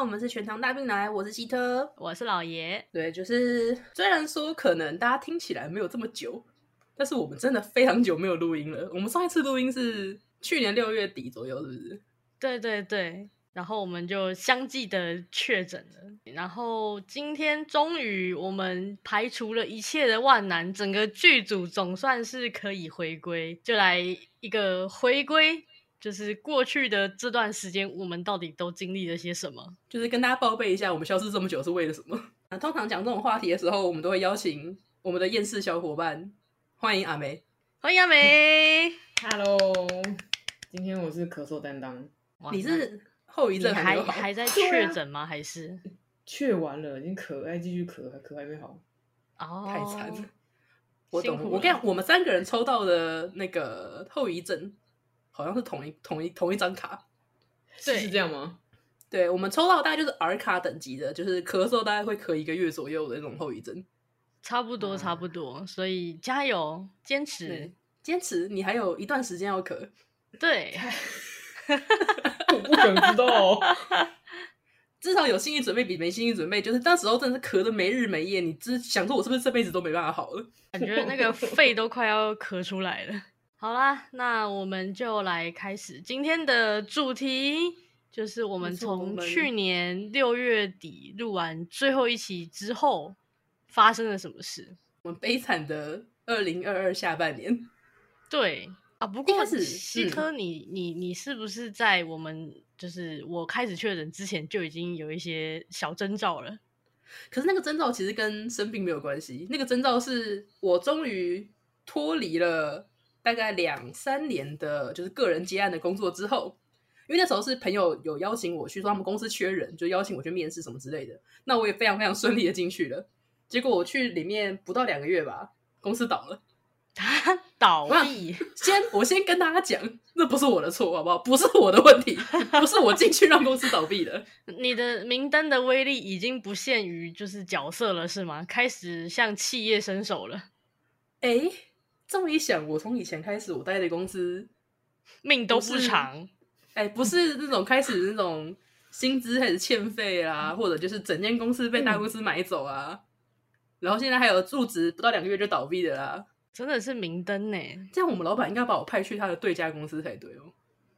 我們是全糖大冰奶，我是希特，我是老爺。對，就是雖然說可能大家聽起來沒有這麼久，但是我們真的非常久沒有錄音了。我們上一次錄音是去年六月底左右，是不是？對對對。然後我們就相繼的確診了，然後今天終於我們排除了一切的萬難，整個劇組總算是可以回歸，就來一個回歸。就是過去的這段時間，我們到底都經歷了些什麼？就是跟大家報備一下，我們消失這麼久是為了什麼？那、啊、通常講這種話題的時候，我們都會邀請我們的厭世小夥伴，歡迎阿梅，歡迎阿梅 ，Hello，今天我是咳嗽擔當，哇你是後遺症還還，還在確診嗎？啊、還是確完了，已經咳，還繼續咳，咳還沒好，哦，太慘了，我懂，我跟你講，我們三個人抽到的那個後遺症。好像是同一同一同一張卡，對是這樣嗎？對，我們抽到大概就是 R 卡等級的，就是咳嗽大概會咳一個月左右的那種後遺症，差不多差不多。嗯、所以加油，堅持，堅持，你還有一段時間要咳。對， 我不想知道、哦， 至少有心理準備比沒心理準備。就是那時候真的是咳的沒日沒夜，你只想說我是不是這輩子都沒辦法好了？感覺那個肺都快要咳出來了。 好啦，那我們就來開始今天的主題，就是我們從去年六月底錄完最後一期之後，發生了什麼事？我們悲慘的二零二二下半年。對啊，不過西科、嗯、你你你是不是在我們就是我開始確診之前就已經有一些小徵兆了？可是那個徵兆其實跟生病沒有關係，那個徵兆是我終於脫離了。大概兩三年的，就是個人接案的工作之後，因為那時候是朋友有邀請我去，說他們公司缺人，就邀請我去面試什麼之類的。那我也非常非常順利的進去了。結果我去裡面不到兩個月吧，公司倒了，啊、倒閉、啊。先我先跟大家講，那不是我的錯，好不好？不是我的問題，不是我進去讓公司倒閉的。你的名單的威力已經不限於就是角色了，是嗎？開始向企業伸手了。哎。這麼一想，我從以前開始，我待的公司命都不長，哎、欸，不是那種開始那種薪資開始欠費啦、啊，嗯、或者就是整間公司被大公司買走啊，嗯、然後現在還有入職不到兩個月就倒閉的啦、啊，真的是明燈呢、欸。這樣我們老闆應該把我派去他的對家公司才對哦，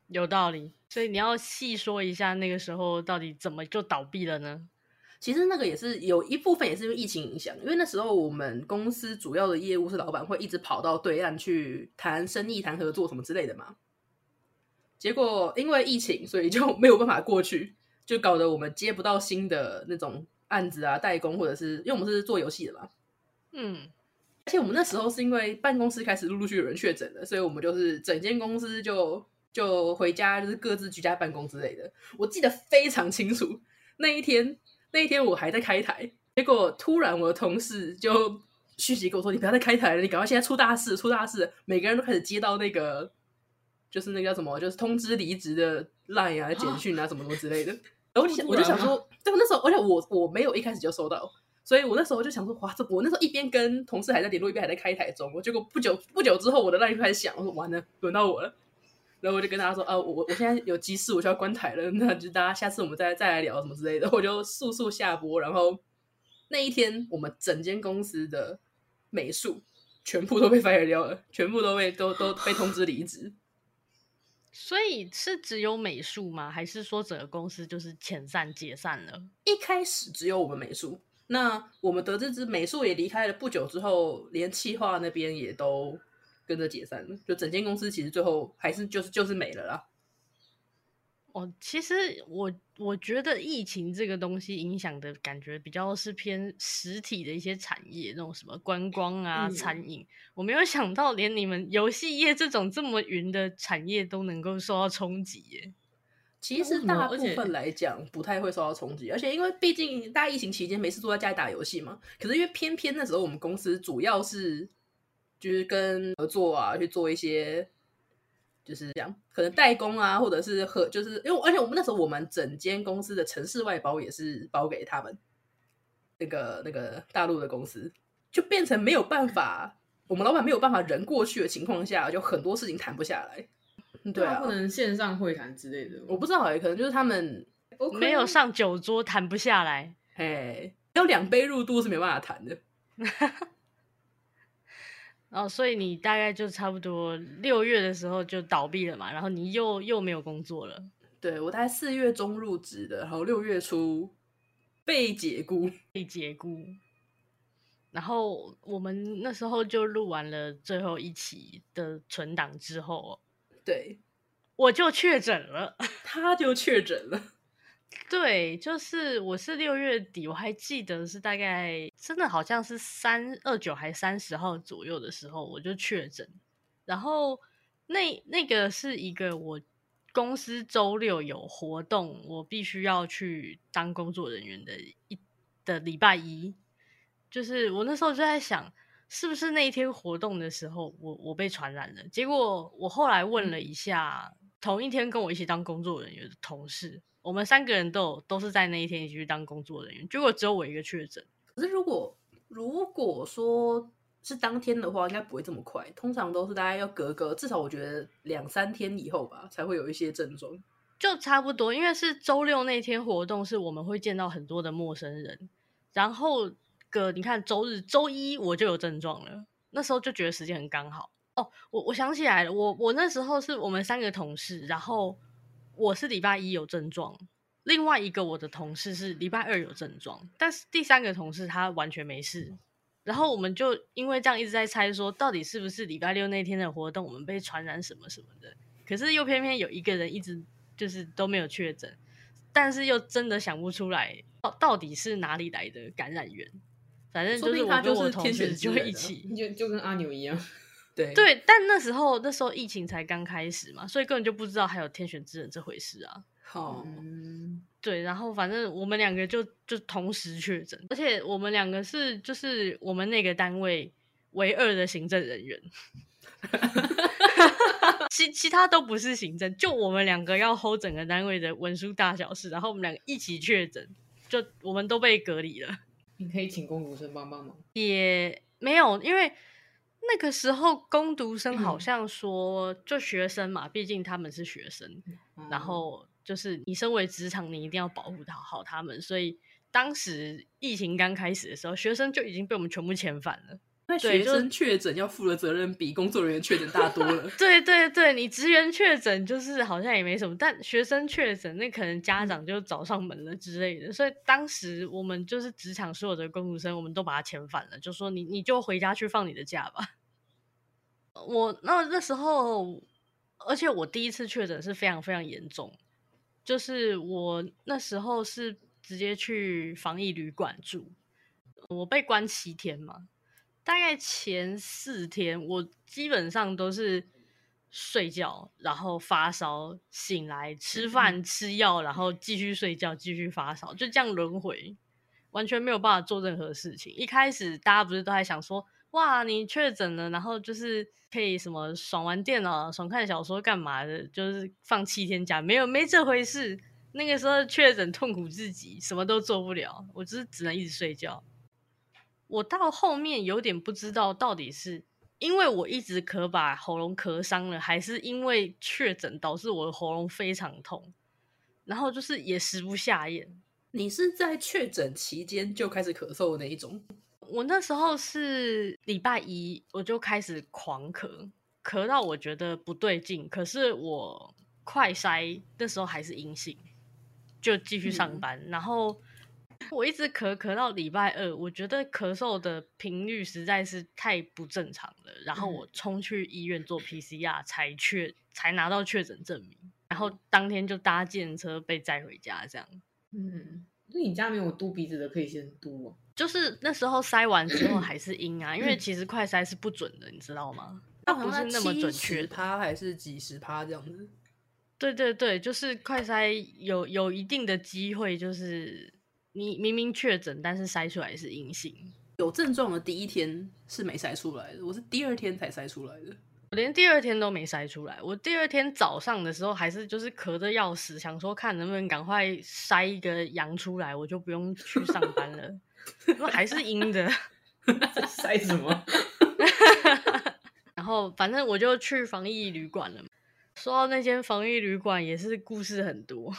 有道理。所以你要細說一下那個時候到底怎麼就倒閉了呢？其實那個也是有一部分也是因為疫情影響，因為那時候我們公司主要的業務是老板會一直跑到對岸去談生意、談合作什麼之類的嘛。結果因為疫情，所以就沒有辦法過去，就搞得我們接不到新的那種案子啊，代工或者是因為我們是做遊戲的嘛。嗯，而且我們那時候是因為辦公室開始陸陸續續有人確診了，所以我們就是整間公司就就回家，就是各自居家辦公之類的。我記得非常清楚那一天。那一天我還在開台，結果突然我的同事就訊息跟我說：“你不要再開台了，你趕快現在出大事，出大事！”每個人都開始接到那個，就是那個叫什麼，就是通知離職的 Line 啊、簡訊啊什麼蛤什麼之類的。然後我就想，我就想說，對，那時候而且我我沒有一開始就收到，所以我那時候就想說：“哇，這我那時候一邊跟同事還在聯絡，一邊還在開台中。”我結果不久不久之後，我的 Line 就開始響，我說：“完了，輪到我了。”然後我就跟大家說啊，我我現在有急事，我就要關台了。那就大家下次我們再再來聊什麼之類的，我就速速下播。然後那一天，我們整間公司的美術全部都被 fire 掉了，全部都被都都被通知離職。所以是只有美術嗎？還是說整個公司就是遣散解散了？一開始只有我們美術，那我們得知之美術也離開了不久之後，連企劃那邊也都。跟着解散了，就整間公司其實最後還是就是、就是、就是沒了啦。哦，其實我我覺得疫情這個東西影響的感覺比較是偏實體的一些產業，那種什麼觀光啊、餐飲、嗯，我沒有想到連你們遊戲業這種這麼雲的產業都能夠受到衝擊耶。其實大部分來講不太會受到衝擊，而且，而且因為畢竟大疫情期間沒事坐在家裡打遊戲嘛。可是因為偏偏那時候我們公司主要是。就是跟合作啊，去做一些，就是這樣，可能代工啊，或者是和，就是因為，而且我們那時候我們整間公司的城市外包也是包給他們，那個，那個那個大陸的公司，就變成沒有辦法，我們老板沒有辦法人過去的情況下，就很多事情談不下來，對啊，不能線上會談之類的，我不知道哎、欸，可能就是他們沒有上酒桌談不下來，哎、欸，要兩杯入肚是沒辦法談的。 哦，所以你大概就差不多六月的時候就倒閉了嘛，然後你又又沒有工作了。對，我大概四月中入職的，然後六月初被解雇，被解雇。然後我們那時候就錄完了最後一期的存檔之後，對，我就確診了， 他就確診了。對，就是我是六月底，我還記得是大概真的好像是三二九還三十號左右的時候，我就確診。然後那那個是一個我公司周六有活動，我必須要去當工作人員的一的禮拜一，就是我那時候就在想，是不是那一天活動的時候我我被傳染了？結果我後來問了一下、嗯、同一天跟我一起當工作人員的同事。我們三個人都有都是在那一天一起去當工作人員，結果只有我一個確診。可是如果如果說是當天的話，應該不會這麼快。通常都是大家要隔個至少，我覺得兩三天以後吧，才會有一些症狀。就差不多，因為是週六那天活動，是我們會見到很多的陌生人。然後隔你看週日、週一我就有症狀了，那時候就覺得時間很剛好。哦，我我想起來了，我我那時候是我們三個同事，然後。我是禮拜一有症狀，另外一個我的同事是禮拜二有症狀，但是第三個同事他完全沒事。然後我們就因為這樣一直在猜說，到底是不是禮拜六那天的活動我們被傳染什麼什麼的？可是又偏偏有一個人一直就是都沒有確診，但是又真的想不出來到到底是哪裡來的感染源。反正就是他就是我，我同學就一起，就就跟阿牛一樣。對，對，但那時候那時候疫情才剛開始嘛，所以根本就不知道還有天選之人這回事啊。好、嗯，對，然後反正我們兩個就就同時確診，而且我們兩個是就是我們那個單位唯二的行政人員， 其其他都不是行政，就我們兩個要 hold 整個單位的文書大小事，然後我們兩個一起確診，就我們都被隔離了。你可以請工讀生幫幫忙嗎，也沒有，因為。那個時候，工讀生好像說，就學生嘛，畢、嗯、竟他們是學生，嗯、然後就是你身為職場，你一定要保護好他們。嗯、所以當時疫情剛開始的時候，學生就已經被我們全部遣返了。因為學生確診要負的責任比工作人員確診大多了。 對對對，你職員確診就是好像也沒什麼，但學生確診那可能家長就找上門了之類的。所以當時我們就是職場所有的工讀生，我們都把他遣返了，就說你你就回家去放你的假吧。我那我那時候，而且我第一次確診是非常非常嚴重，就是我那時候是直接去防疫旅館住，我被關七天嘛。大概前四天，我基本上都是睡覺，然後發燒，醒來吃飯吃藥，然後繼續睡覺，繼續發燒，就這樣輪迴，完全沒有辦法做任何事情。一開始大家不是都還想說，哇，你確診了，然後就是可以什麼爽玩電腦、爽看小說幹嘛的，就是放七天假，沒有，沒這回事。那個時候確診痛苦至極，什麼都做不了，我就是只能一直睡覺。我到後面有點不知道到底是因為我一直咳把喉嚨咳傷了，還是因為確診導致我的喉嚨非常痛，然後就是也食不下咽。你是在確診期間就開始咳嗽的那一種？我那時候是禮拜一我就開始狂咳，咳到我覺得不對勁，可是我快篩那時候還是陰性，就繼續上班，嗯、然後。我一直咳，咳到禮拜二，我覺得咳嗽的頻率實在是太不正常了。然後我衝去醫院做 PCR，才確才拿到確診證明。然後當天就搭計程車被載回家，這樣。嗯，那你家沒有嘟鼻子的，可以先嘟嗎？就是那時候塞完之後還是陰啊，嗯、因為其實快塞是不準的，你知道嗎？嗯、它不是那麼準確，趴、哦、還是幾十趴這樣子。對對對，就是快塞有有一定的機會就是。你明明確診，但是篩出來是陰性。有症狀的第一天是沒篩出來的，我是第二天才篩出來的。我連第二天都沒篩出來，我第二天早上的時候還是就是咳得要死，想說看能不能趕快篩一個陽出來，我就不用去上班了。 還是陰的。篩 什麼？ 然後反正我就去防疫旅館了。說到那間防疫旅館，也是故事很多。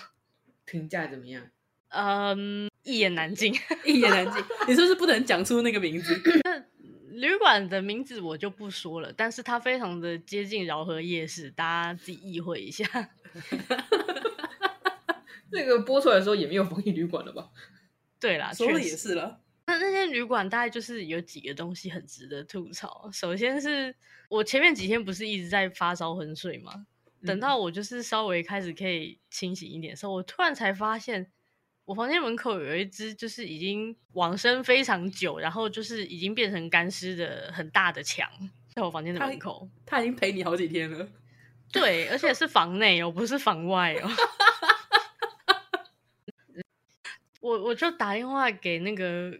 評價怎麼樣？嗯。Um, 一言難盡， 一言難盡，你是不是不能講出那個名字？ 那旅館的名字我就不說了，但是它非常的接近饒河夜市，大家自己意會一下。 那個播出來的時候也沒有防疫旅館了吧？對啦，說的也是了。那那間旅館大概就是有幾個東西很值得吐槽。首先是我前面幾天不是一直在發燒昏睡嗎？嗯、等到我就是稍微開始可以清醒一點的時候，我突然才發現。我房間門口有一只，就是已經往生非常久，然後就是已經變成乾屍的很大的牆，在我房間的門口他。他已經陪你好幾天了。對，而且是房內哦，不是房外哦。 我我就打電話給那個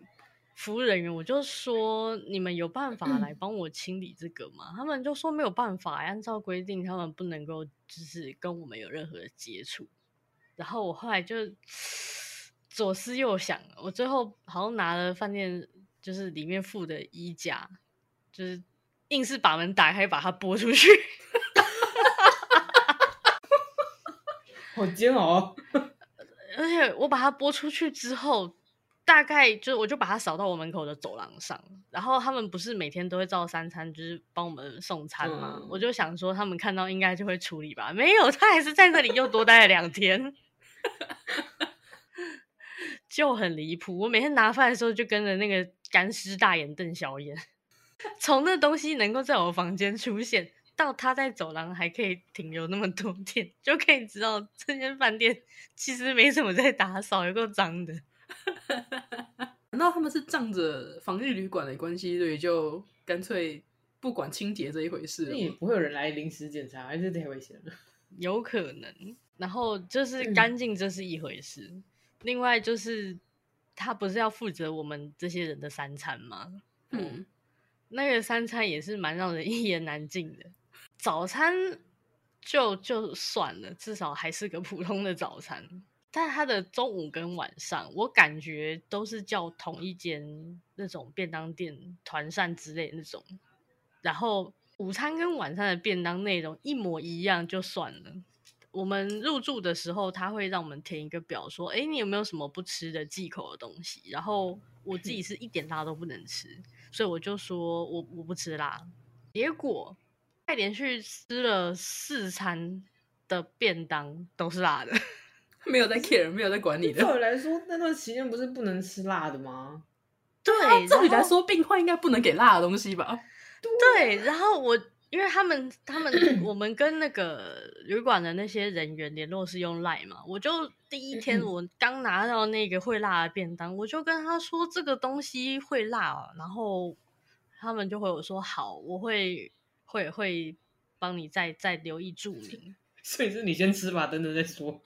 服務人員，我就說你們有辦法來幫我清理這個嗎？嗯、他們就說沒有辦法，按照規定，他們不能夠就是跟我們有任何的接觸。然後我後來就。左思右想，我最後好像拿了飯店就是裡面附的衣架，就是硬是把門打開，把它撥出去， 好煎熬啊。而且我把它撥出去之後，大概就是我就把它掃到我門口的走廊上。然後他們不是每天都會照三餐，就是幫我們送餐嘛，嗯，我就想說，他們看到應該就會處理吧。沒有，他還是在這裡又多待了兩天。 就很離譜，我每天拿飯的時候就跟着那個乾屍大眼瞪小眼。從 那東西能夠在我房間出現，到他在走廊還可以停留那麼多天，就可以知道這間飯店其實沒什麼在打掃，有夠髒的。 難道他們是仗着防疫旅館的關係，所以就乾脆不管清潔這一回事？那也不會有人來臨時檢查，還是太危險了。有可能，然後就是乾淨，這是一回事。嗯另外就是，他不是要負責我們這些人的三餐嗎？嗯，那個三餐也是蠻讓人一言難盡的。早餐就就算了，至少還是個普通的早餐。但他的中午跟晚上，我感覺都是叫同一間那種便當店團膳之類那種。然後午餐跟晚餐的便當內容一模一樣，就算了。我們入住的時候，他會讓我們填一個表，說：“哎，你有沒有什麼不吃的忌口的東西？”然後我自己是一點辣都不能吃，哼所以我就說我我不吃辣。結果，還連續吃了四餐的便當都是辣的，沒有在 care，是沒有在管你的。照理來說，那段期間不是不能吃辣的嗎？對。照理來說，對病患應該不能給辣的東西吧？對，對。然後我。因為他們、他們、我們跟那個旅館的那些人員聯絡是用 LINE 嘛，我就第一天我剛拿到那個會辣的便當，我就跟他說這個東西會辣哦、啊，然後他們就回我說好，我會會會幫你再再留意注明。所以是你先吃吧，等等再說。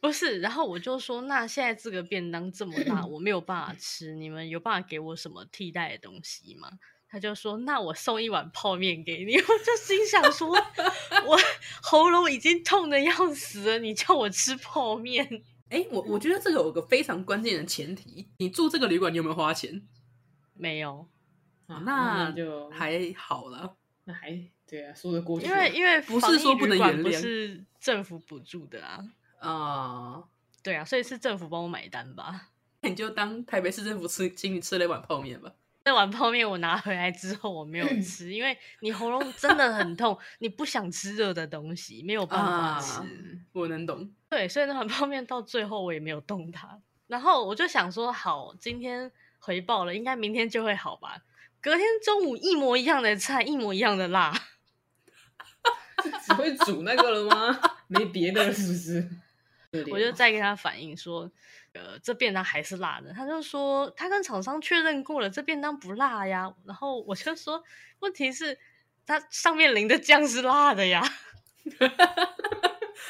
不是，然後我就說那現在這個便當這麼辣，我沒有辦法吃，你們有辦法給我什麼替代的東西嗎？他就說：“那我送一碗泡麵給你。”我就心想說：“ 我喉嚨已經痛的要死了，你叫我吃泡麵？”哎、欸，我我覺得這個有個非常關鍵的前提：嗯、你住這個旅館，你有沒有花錢？沒有，啊、那，那就那還好了。那還對啊，說得過去因，因為因為不、啊、不是說不能原諒，是政府補助的啊。啊，對啊，所以是政府幫我買單吧？你就當台北市政府吃，請你吃了一碗泡麵吧。那碗泡麵我拿回來之後我沒有吃， 因為你喉嚨真的很痛， 你不想吃熱的東西，沒有辦法吃。啊，我能懂。對，所以那碗泡麵到最後我也沒有動它。然後我就想說，好，今天回報了，應該明天就會好吧？隔天中午一模一樣的菜，一模一樣的辣， 只會煮那個了嗎？ 沒別的，是不是？我就再跟他反映說。呃，這便當還是辣的。他就說他跟廠商確認過了，這便當不辣呀。然後我就說，問題是它上面淋的醬是辣的呀。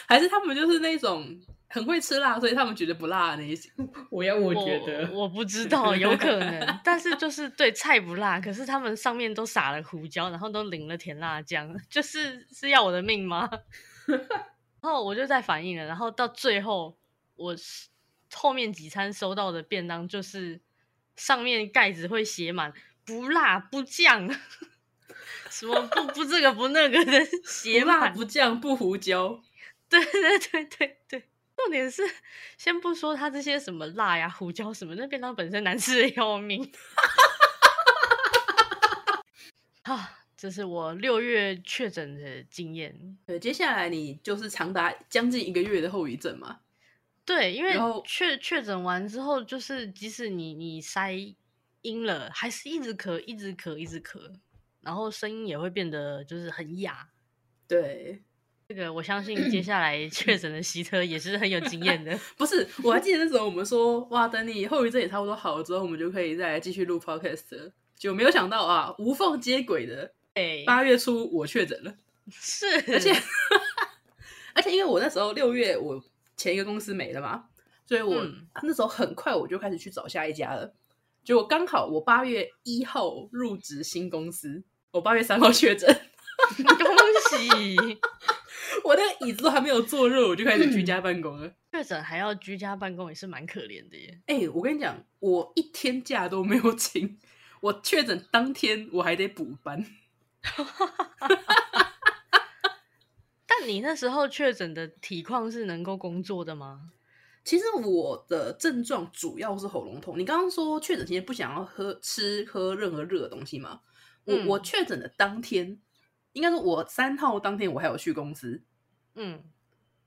還是他們就是那種很會吃辣，所以他們覺得不辣的那些。我要，我覺得我，我不知道，有可能。 但是就是對菜不辣，可是他們上面都撒了胡椒，然後都淋了甜辣醬，就是是要我的命嗎？ 然後我就在反應了，然後到最後我是，後面幾餐收到的便當就是上面蓋子會寫滿不辣不醬，什麼不不這個不那個的，寫 滿辣不醬不胡椒。對對對對對，重點是先不說他這些什麼辣呀胡椒什麼，那便當本身難吃的要命。哈、 啊，這是我六月確診的經驗。對，接下來你就是長達將近一個月的後遺症嘛？對，因為確後確診完之後，就是即使你你篩陰了，還是一直咳，一直咳，一直咳，然後聲音也會變得就是很啞。對，這個我相信接下來確診的西車也是很有經驗的。 不是，我還記得那時候我們說，哇，等你後遺症，也差不多好了之後，我們就可以再繼續錄 podcast。就沒有想到啊，無縫接軌的。哎，對，八月初我確診了，是，而且 而且因為我那時候六月我。前一個公司沒了嘛，所以我、嗯啊、那時候很快我就開始去找下一家了。結果剛好我八月一號入職新公司，我八月三號確診， 恭喜！ 我那個椅子都還沒有坐熱，我就開始居家辦公了。確診、嗯、還要居家辦公也是蠻可憐的耶。哎、欸，我跟你講，我一天假都沒有請，我確診當天我還得補班。 那你那時候確診的體況是能夠工作的嗎？其實我的症狀主要是喉嚨痛。你剛剛說確診前不想要喝、吃、喝任何熱的東西嗎？我、嗯、我確診的當天，應該說我三號當天我還有去公司，嗯，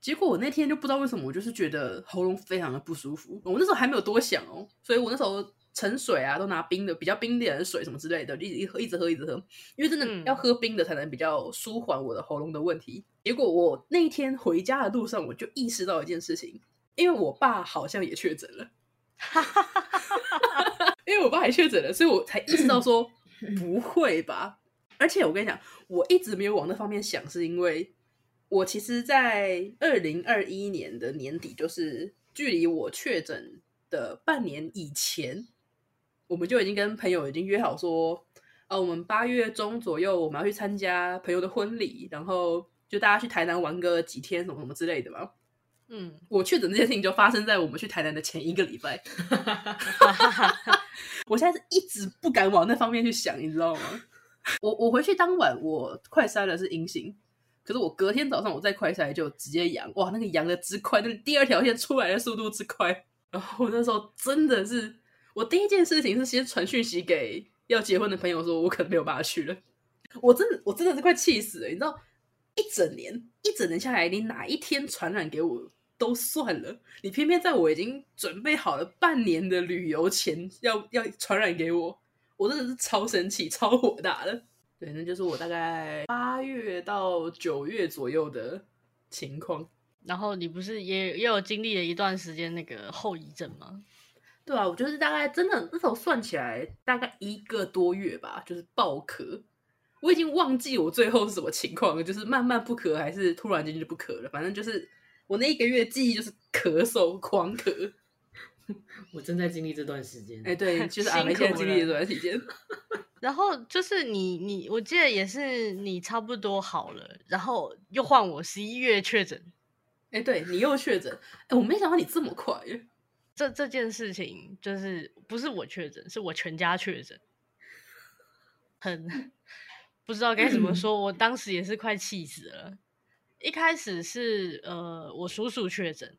結果我那天就不知道為什麼，我就是覺得喉嚨非常的不舒服。我那時候還沒有多想哦，所以我那時候。盛水啊，都拿冰的，比較冰點的水什麼之類的，就一直一喝，一直喝，一直喝，因為真的要喝冰的才能比較舒緩我的喉嚨的問題。嗯、結果我那一天回家的路上，我就意識到一件事情，因為我爸好像也確診了， 因為我爸還確診了，所以我才意識到說 不會吧。而且我跟你講，我一直沒有往那方面想，是因為我其實，在二零二一年的年底，就是距離我確診的半年以前。我們就已經跟朋友已經約好說，啊，我們八月中左右我們要去參加朋友的婚禮，然後就大家去台南玩個幾天，什麼什麼之類的吧。嗯，我確診這件事情就發生在我們去台南的前一個禮拜。 我現在是一直不敢往那方面去想，你知道嗎？ 我我回去當晚我快篩了是陰性，可是我隔天早上我再快篩就直接陽，哇，那個陽的之快，就是第二條線出來的速度之快，然後我那時候真的是。我第一件事情是先傳訊息給要結婚的朋友，說我可能沒有辦法去了。我真的，我真的是快氣死了，你知道，一整年，一整年下來，你哪一天傳染給我都算了，你偏偏在我已經準備好了半年的旅遊前要要傳染給我，我真的是超生氣、超火大的。對，那就是我大概八月到九月左右的情況。然後你不是也也有經歷了一段時間那個後遺症嗎？對啊，我就是大概真的那時候算起來大概一個多月吧，就是爆咳。我已經忘記我最後是什麼情況了，就是慢慢不咳，還是突然間就不咳了。反正就是我那一個月記憶就是咳嗽狂咳。 我正在經歷這段時間，哎，對，就是阿梅現在經歷這段時間。 然後就是你，你，我記得也是你差不多好了，然後又換我十一月確診。哎，對，你又確診，哎，我沒想到你這麼快。這這件事情就是不是我確診，是我全家確診。很不知道該怎麼說，我當時也是快氣死了。一開始是呃，我叔叔確診，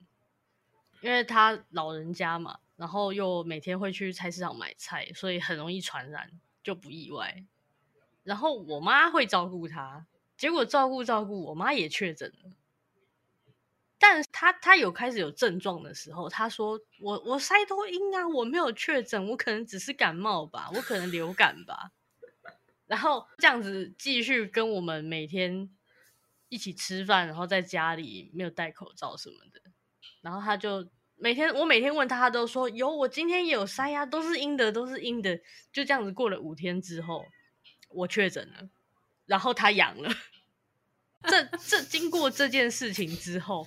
因為他老人家嘛，然後又每天會去菜市場買菜，所以很容易傳染，就不意外。然後我媽會照顧他，結果照顧照顧，我媽也確診了。但他他有開始有症狀的時候，他說，我我篩都陰啊，我沒有確診，我可能只是感冒吧，我可能流感吧。然後這樣子繼續跟我們每天一起吃飯，然後在家裡沒有戴口罩什麼的。然後他就每天，我每天問他，他都說有，我今天也有篩啊，都是陰的，都是陰的。就這樣子過了五天之後，我確診了，然後他陽了。 這這經過這件事情之後。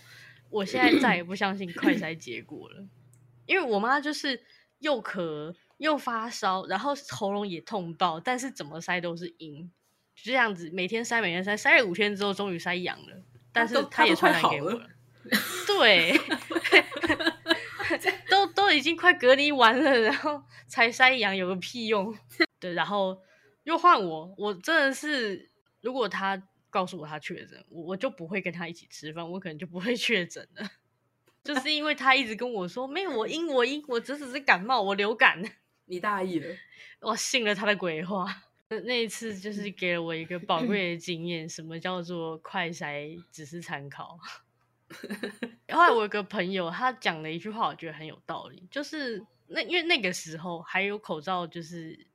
我現在再也不相信快篩結果了。 因為我媽就是又咳又發燒，然後喉嚨也痛到，但是怎麼篩都是陰，就這樣子，每天篩每天篩，篩了五天之後終於篩陽了，但是她也傳染給我了。了對， 都都已經快隔離完了，然後才篩陽有個屁用，對，然後又換我，我真的是如果她告訴我他確診，我我就不會跟他一起吃飯，我可能就不會確診了。 就是因為他一直跟我說“沒有，我因我因我這只是感冒，我流感”，你大意了，我信了他的鬼話。那一次就是給了我一個寶貴的經驗， 什麼叫做快篩只是參考。 後來我有個朋友，他講了一句話，我覺得很有道理，就是那因為那個時候還有口罩，就是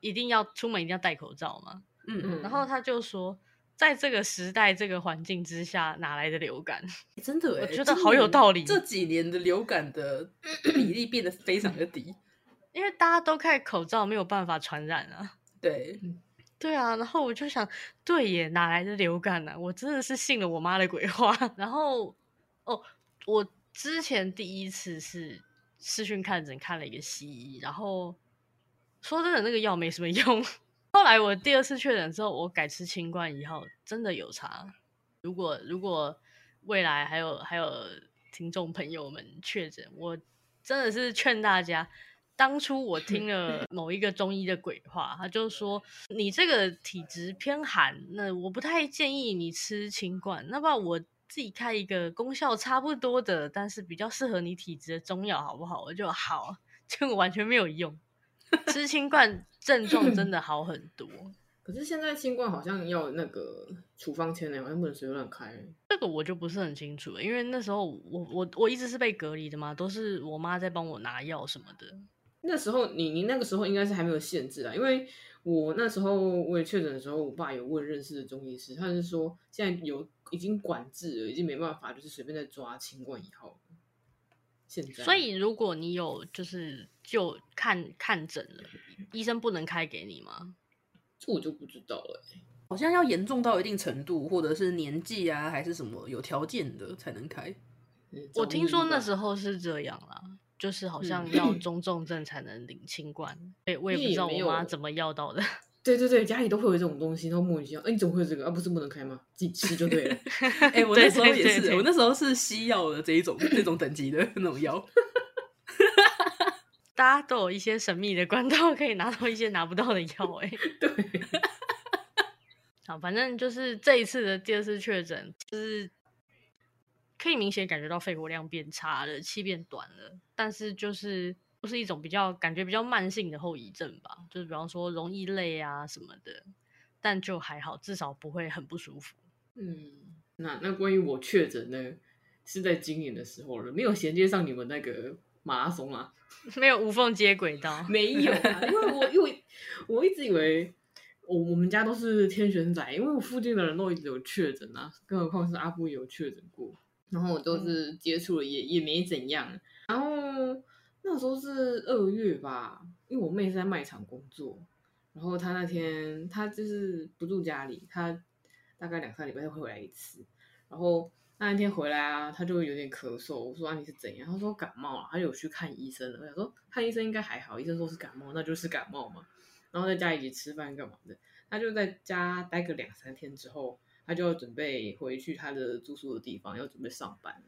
一定要出門一定要戴口罩嘛。嗯，嗯嗯，然後他就說。在這個時代，這個環境之下，哪來的流感？欸、真的，欸，我覺得好有道理。這幾年的流感的 比例變得非常的低，因為大家都戴口罩，沒有辦法傳染啊。對、嗯，對啊。然後我就想，對耶，哪來的流感呢、啊？我真的是信了我媽的鬼話。然後，哦，我之前第一次是視訊看診看了一個西醫，然後說真的，那個藥沒什麼用。後來我第二次確診之後，我改吃清冠以後，真的有差。如果如果未來還有還有聽眾朋友們確診，我真的是勸大家，當初我聽了某一個中醫的鬼話， 他就說你這個體質偏寒，那我不太建議你吃清冠，那不然我自己開一個功效差不多的，但是比較適合你體質的中藥好不好？我就好，結果完全沒有用，吃清冠 症狀真的好很多，可是現在清冠好像要那個處方簽嘞，好像不能隨便亂開。這個我就不是很清楚了，因為那時候我我我一直是被隔離的嘛，都是我媽在幫我拿藥什麼的。嗯、那時候你你那個時候應該是還沒有限制啊，因為我那時候我也確診的時候，我爸有問認識的中醫師，他是說現在有已經管制了，已經沒辦法就是隨便再抓清冠一號。所以，如果你有就是就看看診了，醫生不能開給你嗎？這我就不知道了。欸，好像要嚴重到一定程度，或者是年紀啊，還是什麼有條件的才能開。我聽說那時候是這樣啦，就是好像要中重症才能領清冠。哎，嗯， 我也不知道我媽怎麼要到的。對對對，家裡都會有這種東西。然後木女說：“哎，你怎麼會有這個？啊，不是不能開嗎？自己吃就對了。”哎、 欸，我那時候也是，對對對對我那時候是西藥的這一種、這 種等級的那種藥。 大家都有一些神秘的管道，可以拿到一些拿不到的藥、欸。哎，對。 好，反正就是這一次的第二次確診，就是可以明顯感覺到肺活量變差了，氣變短了，但是就是。就是一種比較感覺比較慢性的後遺症吧，就是比方說容易累啊什麼的，但就還好，至少不會很不舒服。嗯，那那關於我確診呢，是在今年的時候了，沒有銜接上你們那個馬拉松啊，沒有無縫接軌到。 沒有啊，因為我因為我一直以為我我們家都是天選仔，因為我附近的人都一直有確診啊，更何況是阿布也有確診過，然後我都是接觸了也、嗯、也沒怎樣，然後。那時候是二月吧，因為我妹是在賣場工作，然後她那天她就是不住家裡，她大概兩三禮拜會回來一次，然後那一天回來啊，她就有點咳嗽。我說啊，你是怎樣？她說感冒了啊，她就有去看醫生了。我想說看醫生應該還好，醫生說是感冒，那就是感冒嘛。然後在家裡吃飯幹嘛的，她就在家待個兩三天之後，她就要準備回去她的住宿的地方，要準備上班。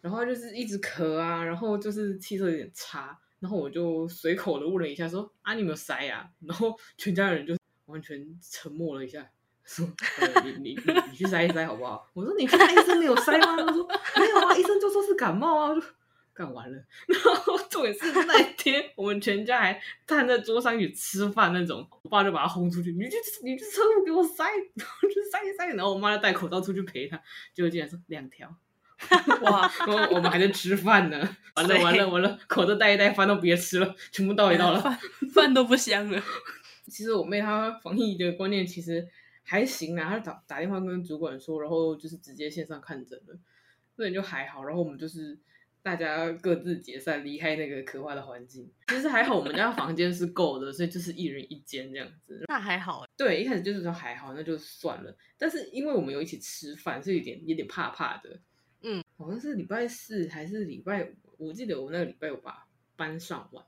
然後就是一直咳啊，然後就是氣色有點差，然後我就隨口的問了一下說，說啊，你有沒有塞啊？然後全家人就完全沉默了一下，說、呃、你你你你去塞一塞好不好？我說你去看醫生沒有塞嗎？他說沒有啊，醫生就說是感冒啊，我說幹完了。然後重點是那天我們全家還癱在桌上去吃飯那種，我爸就把他轟出去，你去你去窗戶給我塞，然後塞一塞。然後我媽就戴口罩出去陪他，結果竟然說兩條。 哇，我們還在吃飯呢！唉完了完了完了，口罩戴一戴，飯都別吃了，全部倒一倒了，飯都不香了。其實我妹她防疫的觀念其實還行呢，她打打電話跟主管說，然後就是直接線上看診了，所以就還好。然後我們就是大家各自解散，離開那個可怕的環境。其實還好，我們家房間是夠的，所以就是一人一間這樣子。那還好，對，一開始就是說還好，那就算了。但是因為我們有一起吃飯，是有點有點怕怕的。好像、哦、是禮拜四還是禮拜五，我記得我那個禮拜五吧，班上完，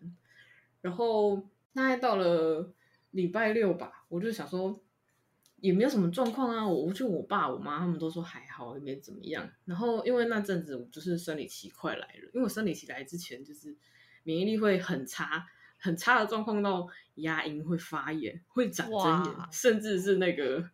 然後大概到了禮拜六吧，我就想說也沒有什麼狀況啊，我就我爸我媽他們都說還好，也沒怎麼樣。然後因為那陣子就是生理期快來了，因為我生理期來之前就是免疫力會很差，很差的狀況到牙齦會發炎，會長針眼，哇甚至是那個。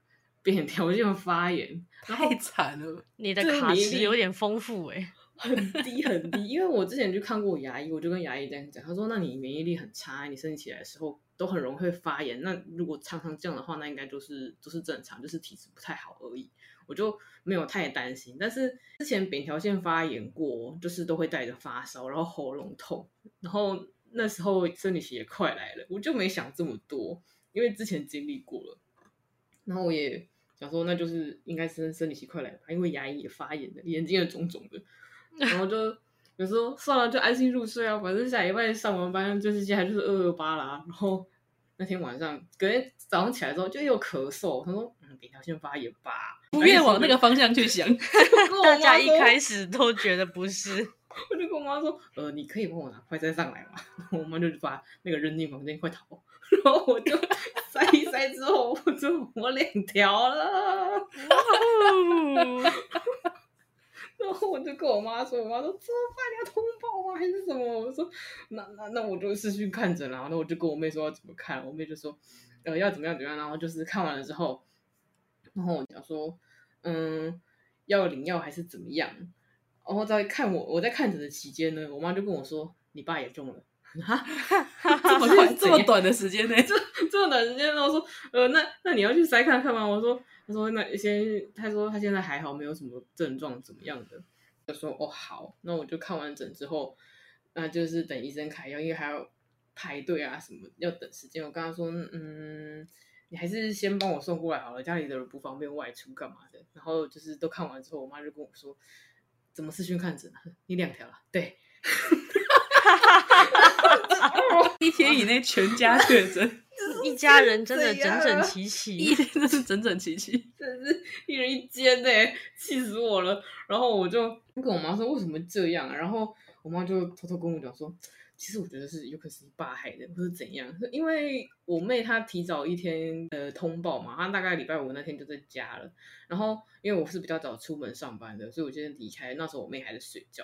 扁桃腺發炎，太慘了！你的卡斯有點豐富哎，很低很低。 因為我之前去看過牙醫，我就跟牙醫這樣講，他說：“那你免疫力很差，你生理期來的時候都很容易會發炎。那如果常常這樣的話，那應該就是都、就是正常，就是體質不太好而已。”我就沒有太擔心。但是之前扁桃腺發炎過，就是都會帶着發燒，然後喉嚨痛，然後那時候生理期也快來了，我就沒想這麼多，因為之前經歷過了，然後我也。想說那就是應該生生理期快來吧、啊，因為牙齦也發炎了，眼睛也腫腫的，然後就有時候算了，就安心入睡啊，反正下禮拜上完班就是現在就是二二八啦、啊。然後那天晚上，隔天早上起來之後就又咳嗽，他說：“嗯，扁桃腺發炎吧。”不願往那個方向去想。 大家一開始都覺得不是， 我就跟我媽說：“呃，你可以幫我拿快篩上來嘛。”我媽就把那個扔進房間，快逃。然後我就。 一塞之後我就抹兩條了，然後我就跟我媽說，我媽說做飯你要通報嗎還是什麼？我說那那那我就視訊看診了，然後我就跟我妹說要怎麼看，我妹就說呃要怎麼樣怎麼樣，然後就是看完了之後，然後我講說嗯要領藥還是怎麼樣？然後在看我我在看診的期間呢，我媽就跟我說你爸也中了。哈，這麼短這麼短的時間呢、欸？這 這麼短時間，然後我說呃，那那你要去篩看看嗎？我說，他說那先，他說他現在還好，沒有什麼症狀，怎麼樣的？他說哦好，那我就看完診之後，那就是等醫生開藥，因為還要排隊啊，什麼要等時間。我跟他說，嗯，你還是先幫我送過來好了，家裡的人不方便外出幹嘛的。然後就是都看完之後，我媽就跟我說，怎麼視訊看診，啊？你兩條了，對。 一天以內全家確診，哇一家人真的整整齊齊，一天是整整齊齊，真是 一人一間嘞，氣死我了。然後我就跟我媽說，為什麼這樣、啊，然後我媽就偷偷跟我講說，其實我覺得是有可能是爸害的，或是怎樣，因為我妹她提早一天呃通報嘛，她大概禮拜五那天就在家了，然後因為我是比較早出門上班的，所以我今天離開那時候我妹還在睡覺，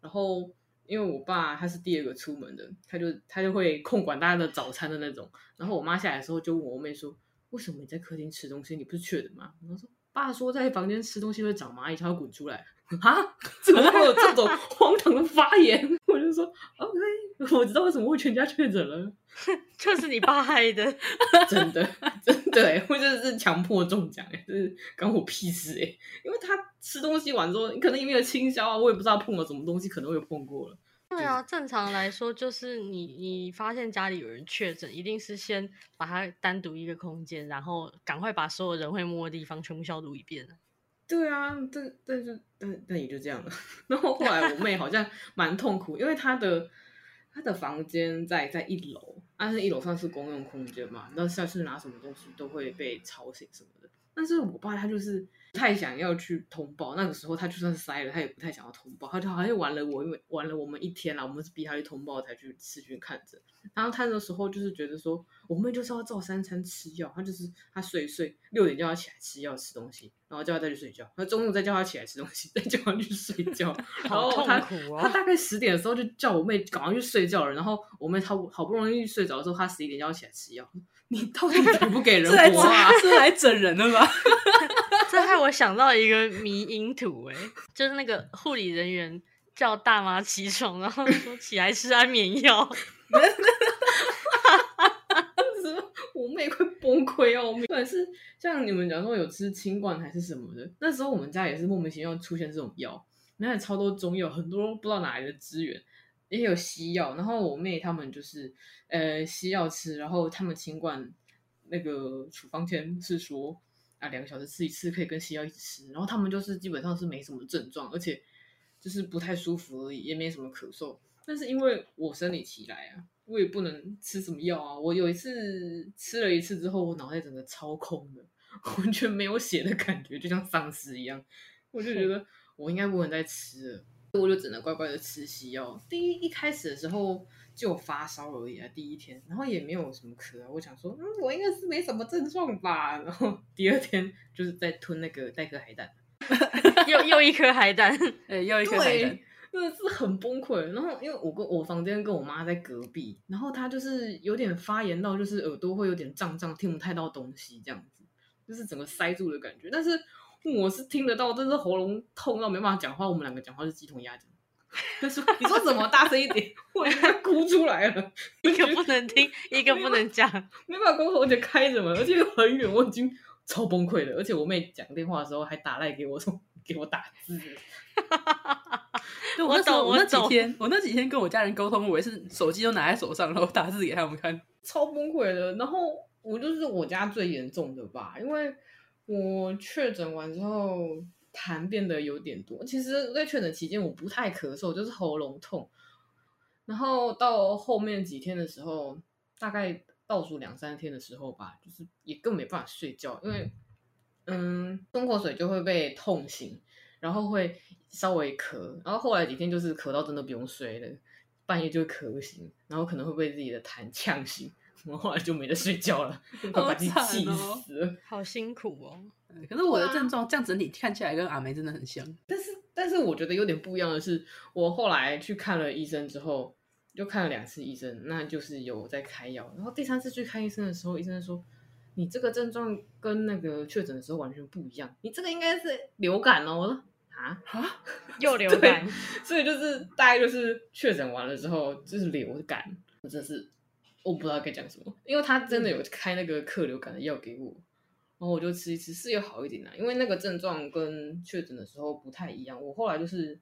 然後。因為我爸他是第二個出門的，他就他就會控管大家的早餐的那種。然後我媽下來的時候就問我妹妹說：“為什麼你在客廳吃東西？你不是確診嗎？”我說：“爸說在房間吃東西會長螞蟻，他要滾出來。”啊？ 怎麼會有這種荒唐的發言？ 我就說 ：“OK，我知道為什麼會全家確診了，就是你爸害的。 真的”真的。 對，或者是強迫中獎哎，就是關我屁事哎、欸！因為他吃東西完之後，可能因為有清消啊，我也不知道碰了什麼東西，可能會碰過了。就是、對啊，正常來說就是你，你發現家裡有人確診，一定是先把他單獨一個空間，然後趕快把所有人會摸的地方全部消毒一遍。對啊，但但是但但也就這樣了。 然後後來我妹好像蠻痛苦，因為她的。他的房間在在一樓，但、啊、是一樓上是公用空間嘛，那下次拿什麼東西都會被吵醒什麼的。但是我爸，他就是不太想要去通報，那個時候他就算是塞了，他也不太想要通報，他就好像玩了我，因為玩了我們一天了，我們是逼他去通報才去吃藥看着。然後他那時候就是覺得說，我妹就是要照三餐吃藥，他就是他睡睡六點叫他起來吃藥吃東西，然後叫他再去睡覺，他中午再叫他起來吃東西，再叫他去睡覺， 好痛苦啊、哦！他大概十點的時候就叫我妹趕快去睡覺了，然後我妹她好不容易睡着之後，他十一點就要起來吃藥。你到底給不給人活啊？是來整人的吧？這害我想到一個迷因圖。哎，就是那個護理人員叫大媽起床，然後說起來吃安眠藥，哈哈哈哈哈！我妹會崩潰哦。不管是像你們講說有吃清冠還是什麼的，那時候我們家也是莫名其妙出現這種藥，你看超多中藥，很多人不知道哪來的資源。也有西藥，然後我妹他們就是，呃，西藥吃，然後他們清冠那個處方箋是說啊，兩個小時吃一次，可以跟西藥一起吃，然後他們就是基本上是沒什麼症狀，而且就是不太舒服而已，也沒什麼咳嗽。但是因為我生理期來啊，我也不能吃什麼藥啊。我有一次吃了一次之後，我腦袋整個超空的，完全沒有血的感覺，就像喪屍一樣，我就覺得我應該不能再吃了。 我就只能乖乖的吃西藥。第一，一開始的時候就發燒而已啊，第一天，然後也沒有什麼咳。我想說，嗯，我應該是沒什麼症狀吧。然後第二天就是在吞那個帶殼海膽， 又又一顆海膽，又一顆海膽， 對海膽，真的是很崩潰。然後因為我跟我房間跟我媽在隔壁，然後她就是有點發炎到，就是耳朵會有點脹脹，聽不太到東西，這樣子，就是整個塞住的感覺。但是我是聽得到，但是喉嚨痛到沒辦法講話。我們兩個講話是雞同鴨講。他說：“你說什麼 大聲一點？”我快哭出來了。 一個不能聽，一個不能講，沒辦法溝通，我就開着門，而且又很遠，我已經超崩潰了。而且我妹講電話的時候還打賴給我，說給我打字。字哈哈！哈哈！哈哈。我那 我那幾天，我那幾天跟我家人溝通，我也是手機都拿在手上，然後打字給他們看，超崩潰的。然後我就是我家最嚴重的吧，因為。我確診完之後，痰變得有點多。其實，在確診期間，我不太咳嗽，就是喉嚨痛。然後到後面幾天的時候，大概倒數兩三天的時候吧，就是也根本沒辦法睡覺，因為，嗯，生活水就會被痛醒，然後會稍微咳。然後後來幾天就是咳到真的不用睡了，半夜就會咳醒，然後可能會被自己的痰嗆醒。我後，後來就沒得睡覺了， 好慘、哦、把自己氣死了好辛苦哦！可是我的症狀哇這樣整體看起來跟阿梅真的很像，但是但是我覺得有點不一樣的是，我後來去看了醫生之後，就看了兩次醫生，那就是有在開藥。然後第三次去看醫生的時候，醫生說：“你這個症狀跟那個確診的時候完全不一樣，你這個應該是流感哦。”我說：“啊哈，啊又流感 ！”所以就是大概就是確診完了之後就是流感，我真是。我不知道該講什麼，因為他真的有開那個克流感的藥給我，嗯、然後我就吃一吃，是又好一點啊。因為那個症狀跟確診的時候不太一樣，我後來就是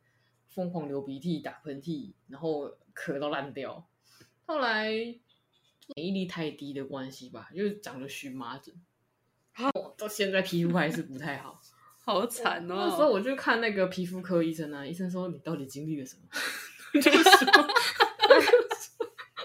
瘋狂流鼻涕、打噴嚏，然後咳到爛掉。後來免疫力太低的關係吧，又長了蕁麻疹，然後到現在皮膚還是不太好， 好慘哦。那時候我就看那個皮膚科醫生啊，醫生說你到底經歷了什麼？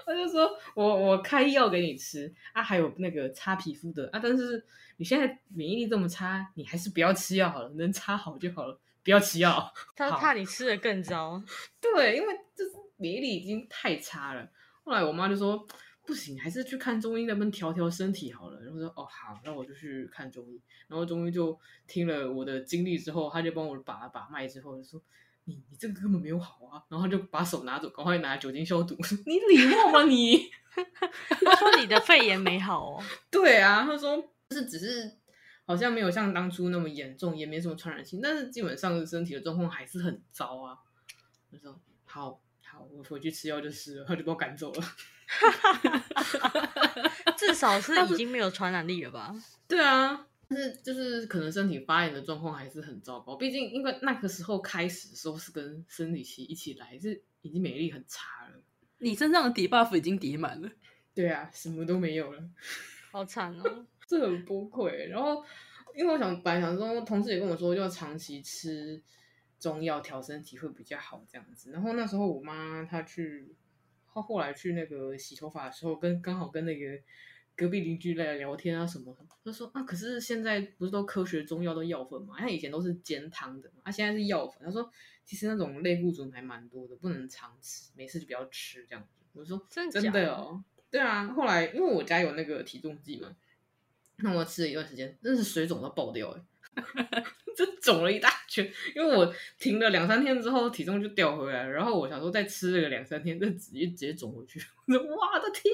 他就說我我開藥給你吃啊，還有那個擦皮膚的啊，但是你現在免疫力這麼差，你還是不要吃藥好了，能擦好就好了，不要吃藥。他怕你吃得更糟，好對，因為就是免疫力已經太差了。後來我媽就說不行，還是去看中醫那邊調調身體好了。然後說哦好，那我就去看中醫。然後中醫就聽了我的經歷之後，他就幫我把把脈之後就說。你這個根本沒有好啊！然後他就把手拿走，趕快拿酒精消毒。你禮貌嗎你？ 他說你的肺炎沒好哦。對啊，他說就是只是好像沒有像當初那麼嚴重，也沒什麼傳染性，但是基本上身體的狀況還是很糟啊。我說好好，我回去吃藥就是了，他就把我趕走了。 至少是已經沒有傳染力了吧？對啊。就是就是，可能身體發炎的狀況還是很糟糕。畢竟，因為那個時候開始的時候是跟生理期一起來，是已經免疫力很差了。你身上的疊 buff 已經疊滿了。對啊，什麼都沒有了，好慘哦， 這很崩潰。然後，因為我想，本來想說，同事也跟我說，要長期吃中藥調身體會比較好，這樣子。然後那時候我媽她去，她後來去那個洗頭髮的時候，跟剛好跟那個。隔壁鄰居來聊天啊什麼的，他說啊，可是現在不是都科學中藥都藥粉嘛，他以前都是煎湯的，他、啊、現在是藥粉。他說其實那種類固醇還蠻多的，不能常吃，沒事就不要吃這樣子。我說真假的？真的哦，對啊。後來因為我家有那個體重計嘛，那我吃了一段時間，真的是水腫到爆掉誒這腫 了一大圈，因為我停了兩三天之後，體重就掉回來了。然後我想說再吃個兩三天，就直接直接腫回去。哇，我的天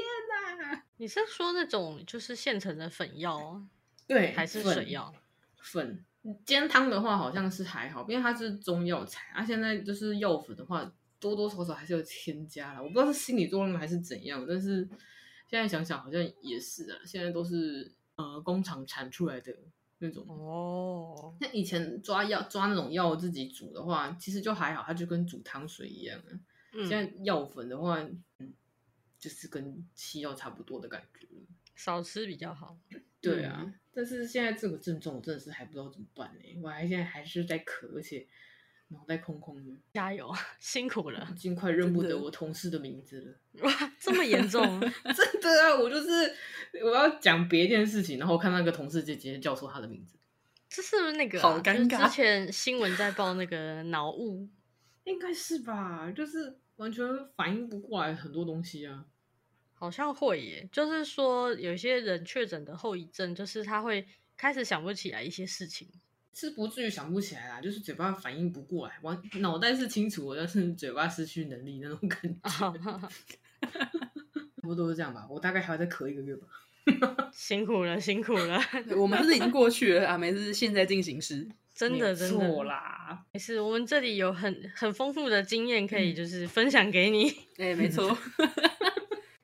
哪、啊！你是說那種就是現成的粉藥？對，還是水藥？粉，粉煎湯的話好像是還好，因為它是中藥材。啊，現在就是藥粉的話，多多少少還是有添加了。我不知道是心理作用的還是怎樣，但是現在想想好像也是啊。現在都是呃工廠產出來的。那種哦，那、oh. 以前抓藥抓那種藥自己煮的話，其實就還好，它就跟煮湯水一樣啊。嗯、現在藥粉的話、嗯，就是跟西藥差不多的感覺。少吃比較好。對啊、嗯，但是現在這個症狀我真的是還不知道怎麼辦呢，我還現在還是在咳，而且。腦袋空空的，加油，辛苦了，盡快認不得我同事的名字了。哇，這麼嚴重？ 真的啊，我就是我要講別一件事情，然後看那個同事就直接叫錯他的名字。這是不是那個、啊、好尷尬？之前新聞在報那個腦霧，應該是吧？就是完全反應不過來很多東西啊，好像會耶。就是說，有些人確診的後遺症，就是他會開始想不起來一些事情。是不至於想不起來啦，就是嘴巴反應不過來，完腦袋是清楚的，但是嘴巴失去能力那種感覺，oh, oh, oh. 差不多是這樣吧。我大概還要再咳一個月吧。 辛苦了，辛苦了。我們這是,是已經過去了啊，沒事，現在進行式。真的真的。我你 的啦。沒事，我們這裡有很很豐富的經驗可以就是分享給你。哎、嗯 欸，沒錯。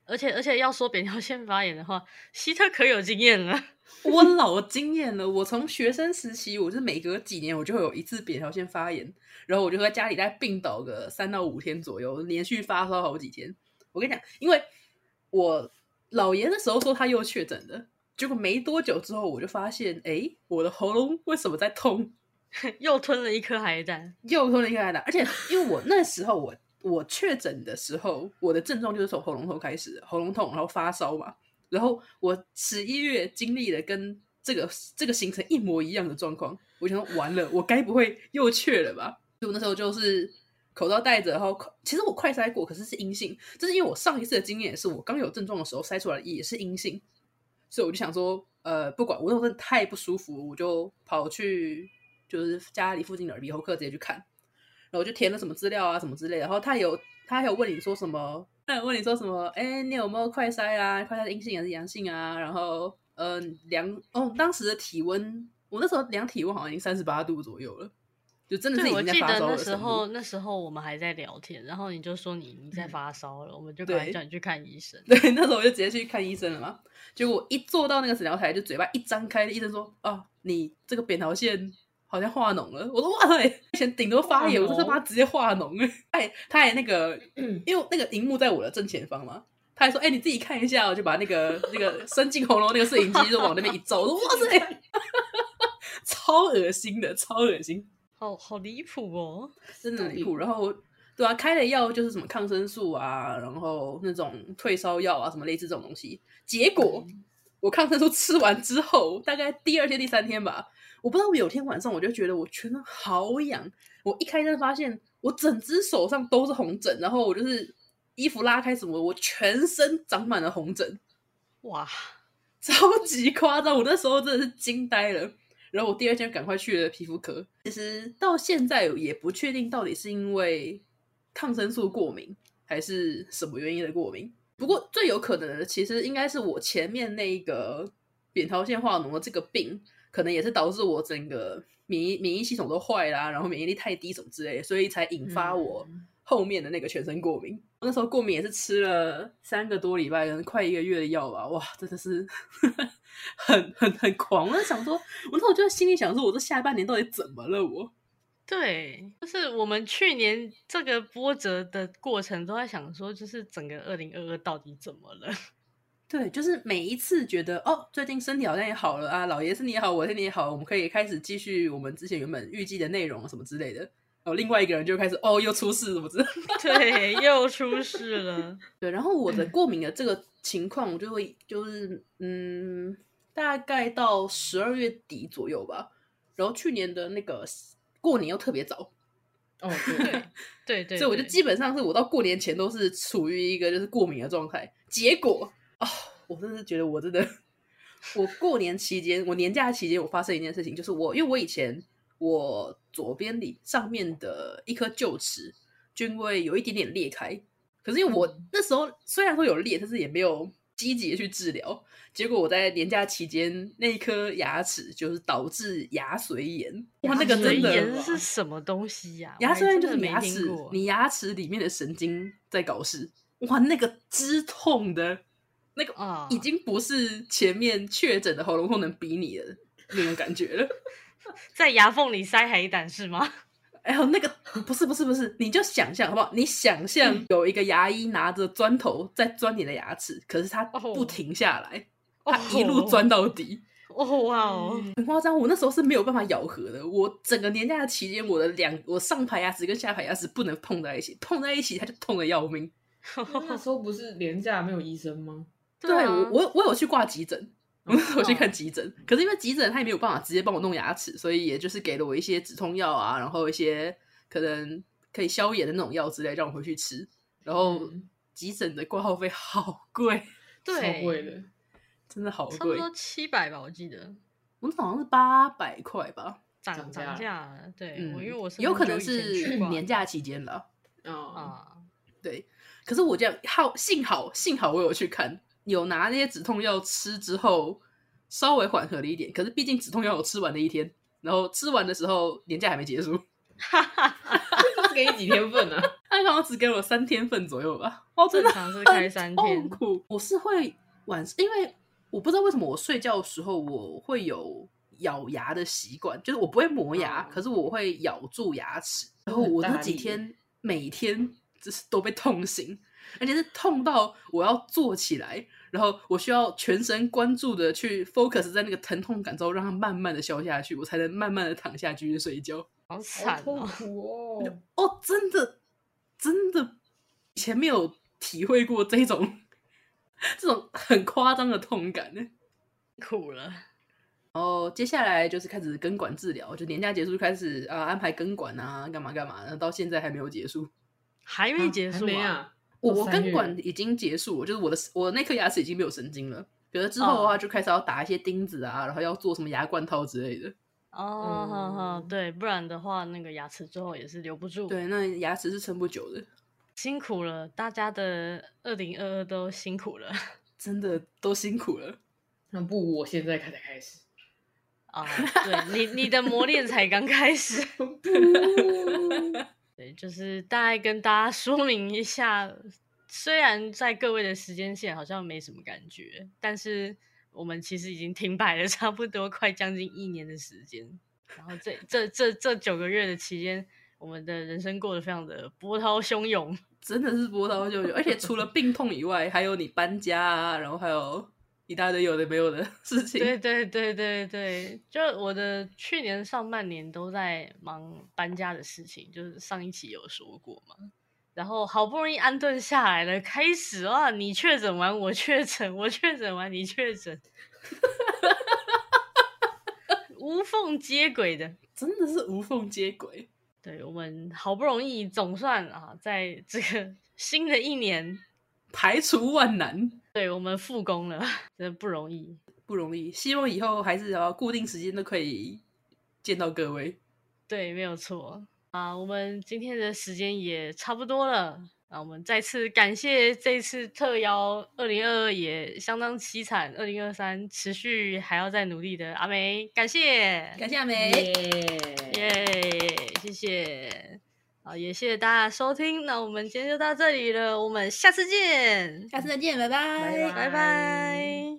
而且而且要說扁桃腺發炎的話，希特可有經驗了。 我老經驗了！我從學生時期，我就是每隔幾年我就會有一次扁桃腺發炎，然後我就在家裡在病倒個三到五天左右，連續發燒好幾天。我跟你講，因為我老爺那時候說他又確診了，結果沒多久之後我就發現，哎，我的喉嚨為什麼在痛？ 又吞了一顆海膽，又吞了一顆海膽，而且因為我那時候我 我確診的時候，我的症狀就是從喉嚨痛開始，喉嚨痛，然後發燒嘛。然後我十一月經歷了跟這個這個行程一模一樣的狀況，我就想說，完了，我該不會又去了吧？就 那時候就是口罩戴着，然後其實我快篩過，可是是陰性。這是因為我上一次的經驗也是，我剛有症狀的時候篩出來的也是陰性，所以我就想說，呃，不管，我那時候太不舒服，我就跑去就是家裡附近的耳鼻喉科直接去看，然後我就填了什麼資料啊什麼之類，然後他有，他還有問你說什麼。問你說什麼？哎，你有沒有快篩啊？快篩的陰性還是陽性啊？然後，呃，量哦，當時的體溫，我那時候量體溫好像已經三十八度左右了，就真的是已經在發燒的時候。那時候，那時候我們還在聊天，然後你就說你你在發燒了，嗯、我們就趕緊叫你去看醫生，對。對，那時候我就直接去看醫生了嘛。哦、結果一坐到那個診療台，就嘴巴一張開，醫生說：“哦，你這個扁桃腺。”好像化膿了，我說哇塞，以前頂多發炎，我就是怕他直接化膿，哎，他還那個， 因為那個熒幕在我的正前方嘛，他還說，哎、欸，你自己看一下，我就把那個 那個伸進喉嚨那個攝影機就往那邊一照，我說哇塞， 超噁心的，超噁心，好好離譜哦，真的離譜。然後對啊，開了藥就是什麼抗生素啊，然後那種退燒藥啊，什麼類似這種東西。結果、嗯、我抗生素吃完之後，大概第二天第三天吧。我不知道，我有天晚上我就覺得我全身好癢，我一開燈發現我整只手上都是紅疹，然後我就是衣服拉開什麼，我全身長滿了紅疹，哇，超級誇張！我那時候真的是驚呆了，然後我第二天趕快去了皮膚科。其實到現在也不確定到底是因為抗生素過敏還是什麼原因的過敏，不過最有可能的其實應該是我前面那個扁桃腺化膿的這個病。可能也是導致我整個免疫免疫系統都壞啦、啊，然後免疫力太低什麼之類的，所以才引發我後面的那個全身過敏。嗯、我那時候過敏也是吃了三個多禮拜，可能快一個月的藥吧。哇，真的是呵呵很很很狂。我在想說，我說我就在心裡想說，我這下半年到底怎麼了？我對，就是我們去年這個波折的過程都在想說，就是整個二零二二到底怎麼了？對，就是每一次覺得哦，最近身體好像也好了啊，老爺身體也好，我身體也好，我們可以開始繼續我們之前原本預計的內容什麼之類的。哦，另外一個人就開始哦，又出事什麼的。對，又出事了。 對，然後我的過敏的這個情況，我就會就是嗯，大概到十二月底左右吧。然後去年的那個過年又特別早。哦對，對對對，對， 所以我就基本上是我到過年前都是處於一個就是過敏的狀態，結果。哦，我真的是覺得我真的，我過年期間，我年假期間，我發生一件事情，就是我，因為我以前我左邊裡上面的一顆臼齒，就因為有一點點裂開，可是因為我那時候雖然說有裂，但是也沒有積極的去治療，結果我在年假期間那一顆牙齒就是導致牙髓炎，哇，那個真的牙髓炎是什麼東西呀、啊？牙髓就是牙齒，你牙齒裡面的神經在搞事，哇，那個之痛的。那個啊，已經不是前面確診的喉嚨痛能比擬的、uh, 那種感覺了。在牙縫裡塞海膽是嗎？哎呦，那個不是不是不是，你就想象好不好？你想象有一個牙醫拿着磚頭在鑽你的牙齒，嗯、可是他不停下來，oh, oh. 他一路鑽到底。哦，哇，哦，很誇張！我那時候是沒有辦法咬合的，我整個年假期間，我的兩我上排牙齒跟下排牙齒不能碰在一起，碰在一起它就痛得要命。那時候不是年假沒有醫生嗎？對、啊、對我我我有去掛急診，我去看急診，哦、可是因為急診他也沒有辦法直接幫我弄牙齒，所以也就是給了我一些止痛藥啊，然後一些可能可以消炎的那種藥之類，讓我回去吃。然後急診的掛號費好貴，嗯、超貴的，對的，真的好貴，差不多七百吧，我記得我們好像是八百塊吧，漲漲價對，嗯、因為我是、嗯。有可能是年假期間了，啊、嗯，哦、對。可是我這樣好，幸好幸好我有去看。有拿那些止痛藥吃之後，稍微緩和了一點。可是畢竟止痛藥有吃完的一天，然後吃完的時候年假還沒結束，哈哈哈哈給你幾天份呢、啊？他好像只給我三天份左右吧，哦，很正常是開三天。我是會晚上，因為我不知道為什麼我睡覺的時候我會有咬牙的習慣，就是我不會磨牙，oh. 可是我會咬住牙齒。然後我那幾天每天就是都被痛醒。而且是痛到我要坐起來，然後我需要全神貫注的去 focus 在那個疼痛感之後，讓它慢慢的消下去，我才能慢慢的躺下去睡一覺。好慘哦，哦，真的真的，以前沒有體會過這種這種很誇張的痛感呢。苦了。哦，接下來就是開始根管治療，就年假結束就開始啊安排根管啊，幹嘛幹嘛，然後到現在還沒有結束，還沒結束啊？哦、我根管已經結束了，就是我的我的那顆牙齒已經沒有神經了，可是之後的話就開始要打一些釘子啊，oh. 然後要做什麼牙冠套之類的。哦、oh, 嗯，對，不然的話那個牙齒之後也是留不住，對，那牙齒是撐不久的。辛苦了，大家的二零二二都辛苦了，真的都辛苦了。那不如，我現在才開始。啊、oh,，對你你的磨練才剛開始。 就是大概跟大家說明一下，雖然在各位的時間線好像沒什麼感覺，但是我們其實已經停擺了差不多快將近一年的時間。然後這這這這這九個月的期間，我們的人生過得非常的波濤洶湧，真的是波濤洶湧。而且除了病痛以外， 還有你搬家啊，然後還有。一大堆有的沒有的事情，對對對對對，就我的去年上半年都在忙搬家的事情，就是上一期有說過嘛。然後好不容易安頓下來了，開始啊，你確診完我確診，我確診完你確診， 無縫接軌的，真的是無縫接軌。對我們好不容易總算啊，在這個新的一年排除萬難。對我們復工了，真的不容易，不容易。希望以後還是要固定時間都可以見到各位。對，沒有錯啊。我們今天的時間也差不多了，那、啊、我們再次感謝這次特邀二零二二也相當淒慘，二零二三持續還要再努力的阿梅，感謝，感謝阿梅，耶耶，謝謝。好，也謝謝大家收聽，那我們今天就到這裡了，我們下次見，下次再見，拜拜，拜拜。拜拜。